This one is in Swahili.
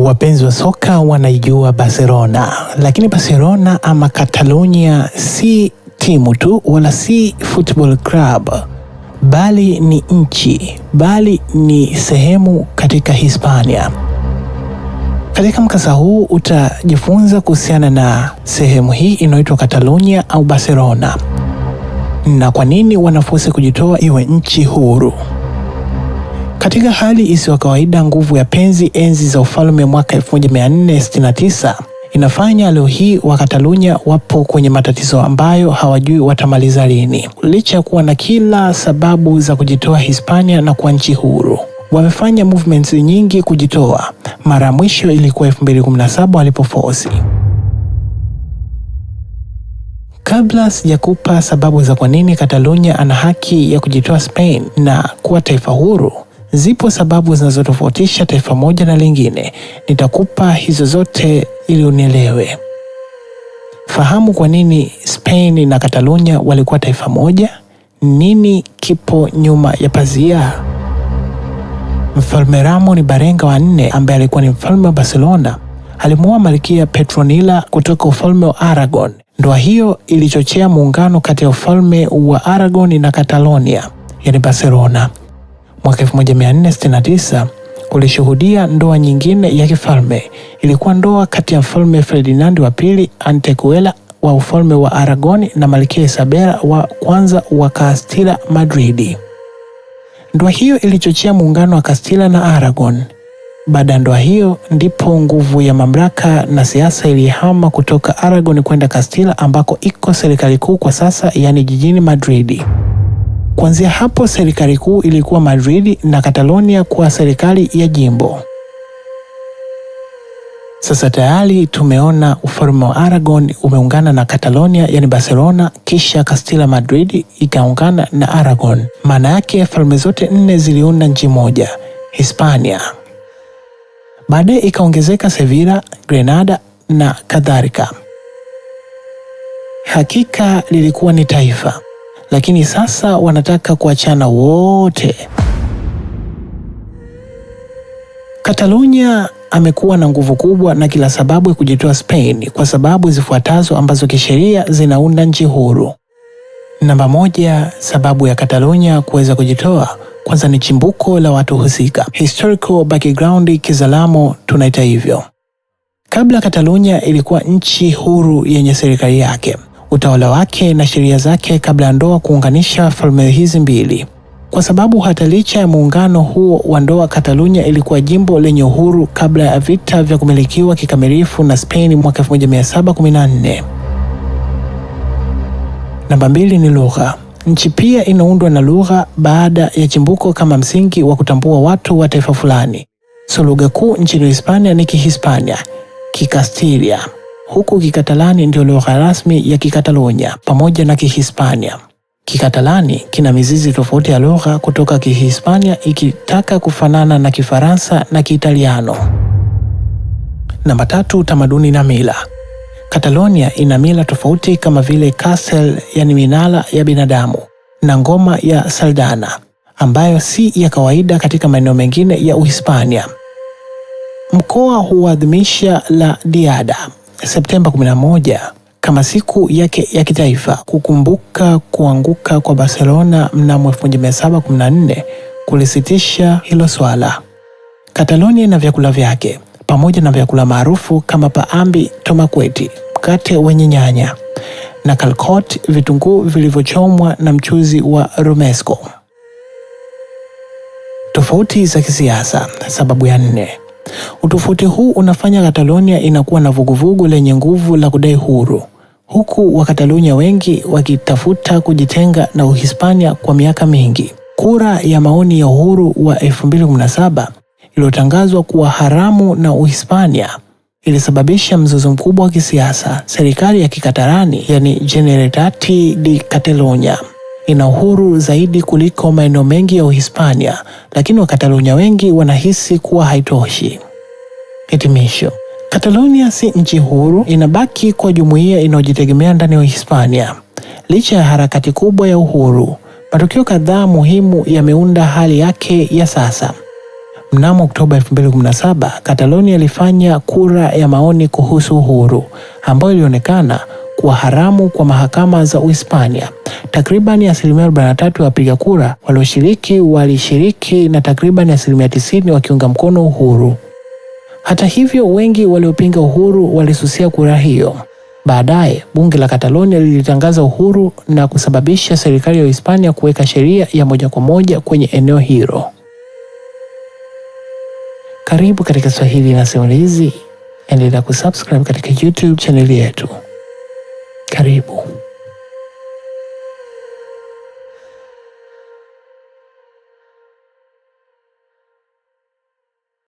Wapenzi wa soka wanaijua Barcelona, lakini Barcelona ama Catalonia si timu tu wala si football club, bali ni nchi, bali ni sehemu katika Hispania. Katika mkasa huu utajifunza kuhusiana na sehemu hii inayoitwa Catalonia au Barcelona na kwa nini wanafusi kujitoa iwe nchi huru. Katika hali isiyo kawaida, nguvu ya penzi enzi za ufalme mwaka 1469 inafanya leo hii Wakatalunya wapo kwenye matatizo ambayo hawajui watamaliza lini, licha ya kuwa na kila sababu za kujitoa Hispania na kuwa nchi huru. Wamefanya movements nyingi kujitoa. Mara ya mwisho ilikuwa 2017 walipofosi. Kabla sijakupa sababu za kwa nini Katalunya ana haki ya kujitoa Spain na kuwa taifa huru, Zipo sababu zinazotofautisha taifa moja na lingine. Nitakupa hizo zote ili unielewe. Fahamu kwa nini Spain na Catalonia walikuwa taifa moja. Nini kipo nyuma ya pazia? Mfalme Ramon Berenga wa nne ambaye alikuwa ni mfalme wa Barcelona alimuoa malkia Petronila kutoka ufalme wa Aragon. Ndoa hiyo ilichochea muungano kati ya ufalme wa Aragon na Catalonia, yani Barcelona mwaka 1469 kulishuhudia ndoa nyingine ya kifalme. Ilikuwa ndoa kati ya Mfalme Ferdinandi wa pili Antekuela wa ufalme wa Aragoni na Malkia Isabela wa kwanza wa Kastila Madridi. Ndoa hiyo ilichochea muungano wa Kastila na Aragon. Baada ya ndoa hiyo ndipo nguvu ya mamlaka na siasa ilihama kutoka Aragon kwenda Kastila ambako iko serikali kuu kwa sasa, yaani jijini Madridi. Kuanzia hapo serikali kuu ilikuwa Madrid na Catalonia kuwa serikali ya jimbo. Sasa tayari tumeona ufalme wa Aragon umeungana na Catalonia, yani Barcelona, kisha Castilla Madrid ikaungana na Aragon. Maana yake falme zote nne ziliunda nchi moja Hispania. Baadaye ikaongezeka Sevilla, Grenada na kadhalika. Hakika lilikuwa ni taifa lakini sasa wanataka kuachana wote. Katalunya amekuwa na nguvu kubwa na kila sababu ya kujitoa Spain kwa sababu zifuatazo ambazo kisheria zinaunda nchi huru. Namba moja, sababu ya Katalunya kuweza kujitoa kwanza ni chimbuko la watu husika, historical background, kizalamo tunaita hivyo. Kabla Katalunya ilikuwa nchi huru yenye serikali yake utawala wake na sheria zake kabla ya ndoa kuunganisha falme hizi mbili. Kwa sababu hata licha ya muungano huo wa ndoa, Katalunya ilikuwa jimbo lenye uhuru kabla ya vita vya kumilikiwa kikamilifu na Spain mwaka 1714. Namba mbili ni lugha. Nchi pia inaundwa na lugha baada ya chimbuko kama msingi wa kutambua watu wa taifa fulani. So lugha kuu nchini Hispania ni Kihispania, Kikastilia huku Kikatalani ndiyo lugha rasmi ya Kikatalonia pamoja na Kihispania. Kikatalani kina mizizi tofauti ya lugha kutoka Kihispania ikitaka kufanana na Kifaransa na Kiitaliano. Namba tatu, tamaduni na mila. Katalonia ina mila tofauti kama vile castle, yani minala ya binadamu na ngoma ya saldana ambayo si ya kawaida katika maeneo mengine ya Uhispania. Mkoa huadhimisha la Diada Septemba 11 kama siku yake ya kitaifa kukumbuka kuanguka kwa Barcelona mnamo 1714 kulisitisha hilo swala. Katalonia na vyakula vyake pamoja na vyakula maarufu kama paambi tomakweti, mkate wenye nyanya na kalkot, vitunguu vilivyochomwa na mchuzi wa romesco. Tofauti za kisiasa, sababu ya nne. Utofauti huu unafanya Katalonia inakuwa na vuguvugu lenye nguvu la kudai huru, huku Wakatalonia wengi wakitafuta kujitenga na Uhispania kwa miaka mingi. Kura ya maoni ya uhuru wa 2017 iliyotangazwa kuwa haramu na Uhispania ilisababisha mzozo mkubwa wa kisiasa. Serikali ya Kikatarani, yani Generalitat di Catalonia ina uhuru zaidi kuliko maeneo mengi ya Uhispania, lakini wakatalonia wengi wanahisi kuwa haitoshi. Hitimisho: katalonia si nchi huru, inabaki kwa jumuiya inayojitegemea ndani ya Uhispania. Licha ya harakati kubwa ya uhuru, matukio kadhaa muhimu yameunda hali yake ya sasa. Mnamo Oktoba 2017, Katalonia ilifanya kura ya maoni kuhusu uhuru ambayo ilionekana kuwa haramu kwa mahakama za Uhispania. Takribani asilimia 43 ya wapiga kura walioshiriki walishiriki na takribani asilimia 90 wakiunga mkono uhuru. Hata hivyo, wengi waliopinga uhuru walisusia kura hiyo. Baadaye bunge la Katalonia lilitangaza uhuru na kusababisha serikali ya Hispania kuweka sheria ya moja kwa moja kwenye eneo hilo. Karibu katika Swahili na Simulizi. Endelea kusubscribe katika YouTube channel yetu karibu.